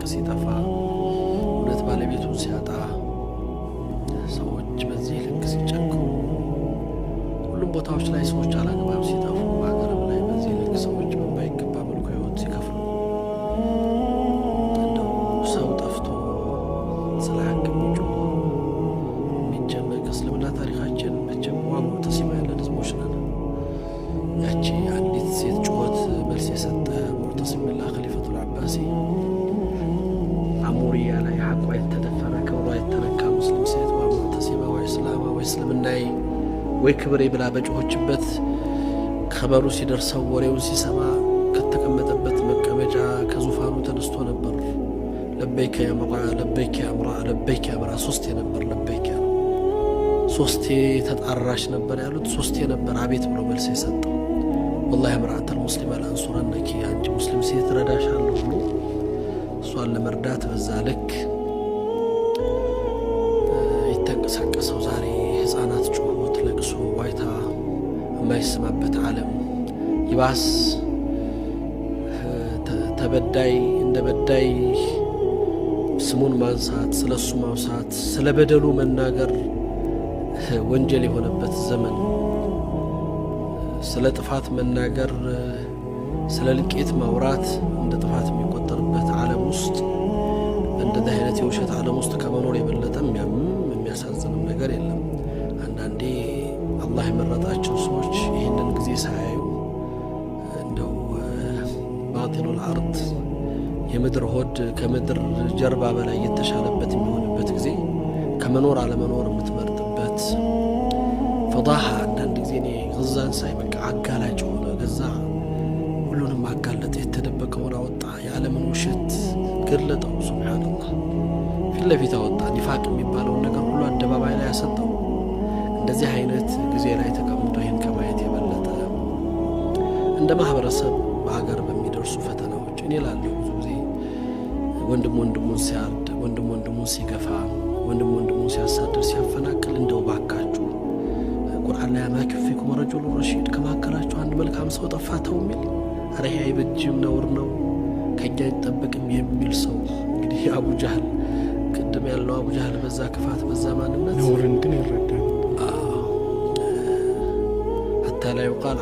ሀቅ ሲጠፋ እውነት ባለቤቱን ሲያጣ ሰዎች በዚህ ልክ ሲጨንቁ ሁሉም ቦታዎች ላይ ሰዎች አላግባብ ሲጠፉ በሀገርም ላይ በዚህ ልክ ሰዎች በማይገባ መልኩ ህይወት ሲከፍሉ ሰው ጠፍቶ ስለ ሀቅ ምንጩ የሚጨነቅ እስልምና ታሪካችን መቼም ዋሉ ተሲማ ያለን ህዝቦች ነን። ያቺ አንዲት ሴት ጩኸት መልስ የሰጠ ሙዕተሲም ቢላህ ኸሊፈቱል አባሲ ሞሪያ ላይ ሀቋ የተደፈረ ክብሯ የተነካ ሙስሊም ሴት ተሴባ ወይ እስላማ ወይ እስልምናዬ ወይ ክብሬ ብላ በጮኸችበት ከበሩ ሲደርሰው ወሬውን ሲሰማ ከተቀመጠበት መቀመጫ ከዙፋኑ ተነስቶ ነበር። ለበይከ ያ ለበይከ ያምራ ለበይከ ያምራ ሶስቴ ነበር። ለበይከ ሶስቴ ተጣራሽ ነበር ያሉት ሶስቴ ነበር አቤት ብሎ መልስ የሰጠው ወላሂ ምርአተል ሙስሊም አልአንሱረነኪ አንቺ ሙስሊም ሴት ረዳሻለሁ ብሎ እሷን ለመርዳት በዛ ልክ የተንቀሳቀሰው ዛሬ ህፃናት ጩኸት፣ ለቅሶ፣ ዋይታ የማይሰማበት ዓለም ይባስ ተበዳይ እንደ በዳይ ስሙን ማንሳት፣ ስለ እሱ ማውሳት፣ ስለ በደሉ መናገር ወንጀል የሆነበት ዘመን፣ ስለ ጥፋት መናገር፣ ስለ ልቄት ማውራት እንደ የውሸት ዓለም ውስጥ ከመኖር የበለጠ የሚያምም የሚያሳዝንም ነገር የለም። አንዳንዴ አላህ የመረጣቸው ሰዎች ይህንን ጊዜ ሳያዩ እንደው ባጢኑል አርድ የምድር ሆድ ከምድር ጀርባ በላይ የተሻለበት የሚሆንበት ጊዜ ከመኖር አለመኖር የምትመርጥበት ፈዳሃ አንዳንድ ጊዜ እኔ ገዛን ሳይ በቃ አጋላጭ ሆነ ገዛ ሁሉንም አጋለጠ የተደበቀውን አወጣ የዓለምን ውሸት ገለጠው። ሱብሓነላህ ፊት ለፊት አወጣ። ኒፋቅ የሚባለውን ነገር ሁሉ አደባባይ ላይ ያሰጠው። እንደዚህ አይነት ጊዜ ላይ ተቀምጦ ይህን ከማየት የበለጠ እንደ ማህበረሰብ በሀገር በሚደርሱ ፈተናዎች እኔ ላለሁ ብዙ ጊዜ ወንድም ወንድሙን ሲያርድ፣ ወንድም ወንድሙን ሲገፋ፣ ወንድም ወንድሙን ሲያሳድር፣ ሲያፈናቅል እንደው ባካችሁ ቁርአን ላይ አማኪው ፊኩም ረጁሉ ረሺድ ከመካከላችሁ አንድ መልካም ሰው ጠፋ ተው የሚል ኧረ ይሄ አይበጅም ነውር ነው። ከኛ አይጠበቅም የሚል ሰው እንግዲህ አቡጃህል ቅድም ያለው አቡጃህል በዛ ክፋት በዛ ማንነት ነውርን ግን ይረዳል። ሀታ ላይ ቃል